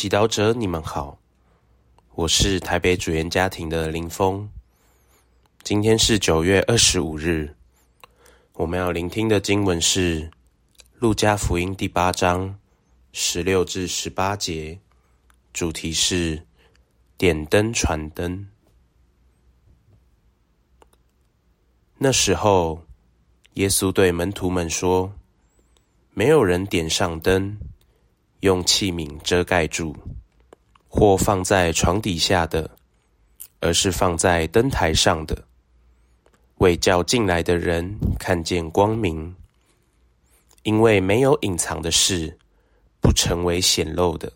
祈禱者，你們好，我是台北主言家庭的林峰。今天是九月二十五日，我們要聆聽的經文是《路加福音》第八章十六至十八節，主題是“點燈傳燈”。那時候，耶穌對門徒們說：“沒有人點上燈。”用器皿遮蓋住，或放在床底下的，而是放在燈臺上的，為叫進來的人看見光明。因為沒有隱藏的事，不成為顯露的；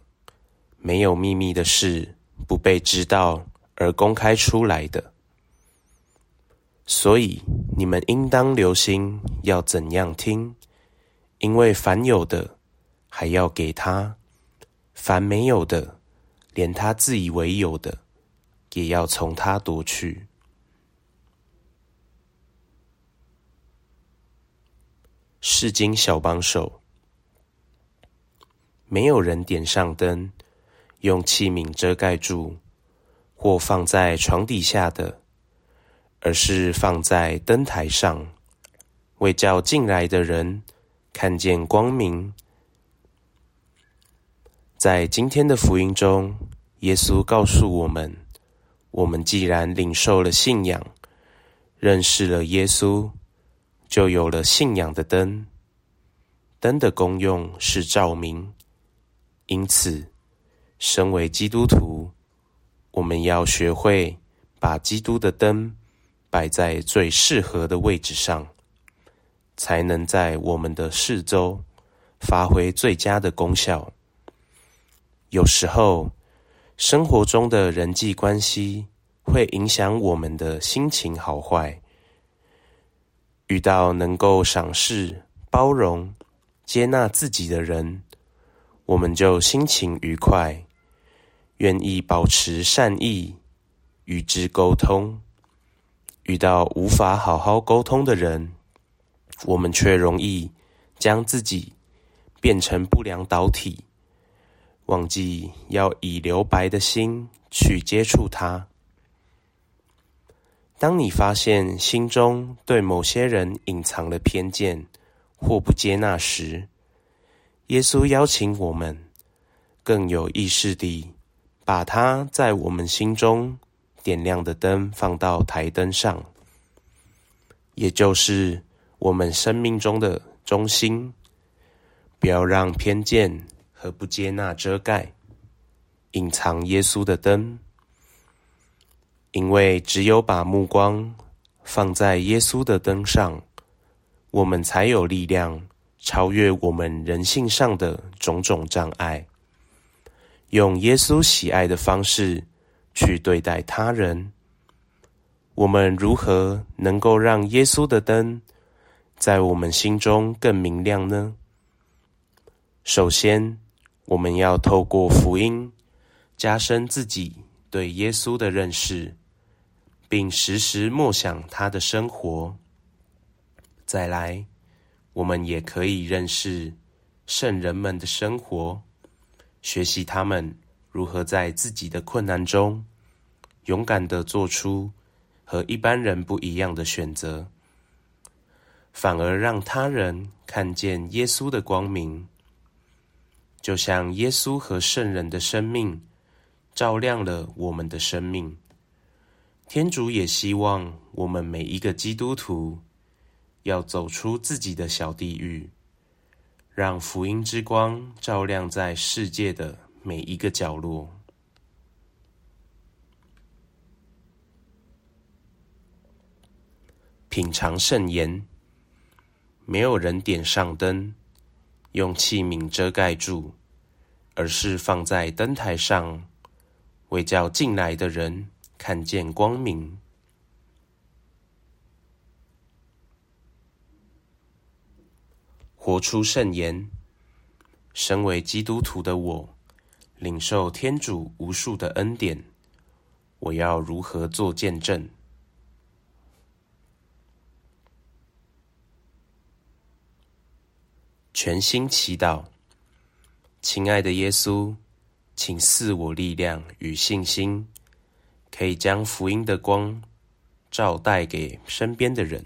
沒有秘密的事，不被知道而公開出來的。所以你們應當留心要怎樣聽，因為凡有的。還要給他，凡沒有的，連他自以為有的，也要從他奪去。聖經小幫手。沒有人點上燈，用器皿遮蓋住，或放在床底下的，而是放在燈台上，為叫進來的人看見光明。在今天的福音中，耶穌告訴我們，我們既然領受了信仰，認識了耶穌，就有了信仰的燈。燈的功用是照明。因此，身為基督徒，我們要學會把基督的燈擺在最適合的位置上，才能在我們的四周發揮最佳的功效。有時候，生活中的人際關係會影響我們的心情好壞。遇到能夠賞識、包容、接納自己的人，我們就心情愉快，願意保持善意，與之溝通。遇到無法好好溝通的人，我們卻容易將自己變成不良導體。忘記要以留白的心去接觸它。當你發現心中對某些人隱藏的偏見或不接納時，耶穌邀請我們更有意識地把他在我們心中點亮的燈放到台燈上，也就是我們生命中的中心。不要讓偏見。和不接納遮蓋、隱藏耶穌的燈，因為只有把目光放在耶穌的燈上，我們才有力量超越我們人性上的種種障礙，用耶穌喜愛的方式去對待他人。我們如何能夠讓耶穌的燈在我們心中更明亮呢？首先。我們要透過福音，加深自己對耶穌的認識，並時時默想他的生活。再來，我們也可以認識聖人們的生活，學習他們如何在自己的困難中，勇敢地做出和一般人不一樣的選擇，反而讓他人看見耶穌的光明。就像耶穌和聖人的生命照亮了我們的生命，天主也希望我們每一個基督徒要走出自己的小地獄，讓福音之光照亮在世界的每一個角落。品嘗聖言，沒有人點上燈，用器皿遮蓋住，而是放在燈台上，為叫進來的人看見光明。活出聖言。身為基督徒的我，領受天主無數的恩典，我要如何做見證？全心祈禱，親愛的耶穌，請賜我力量與信心，可以將福音的光照帶給身邊的人。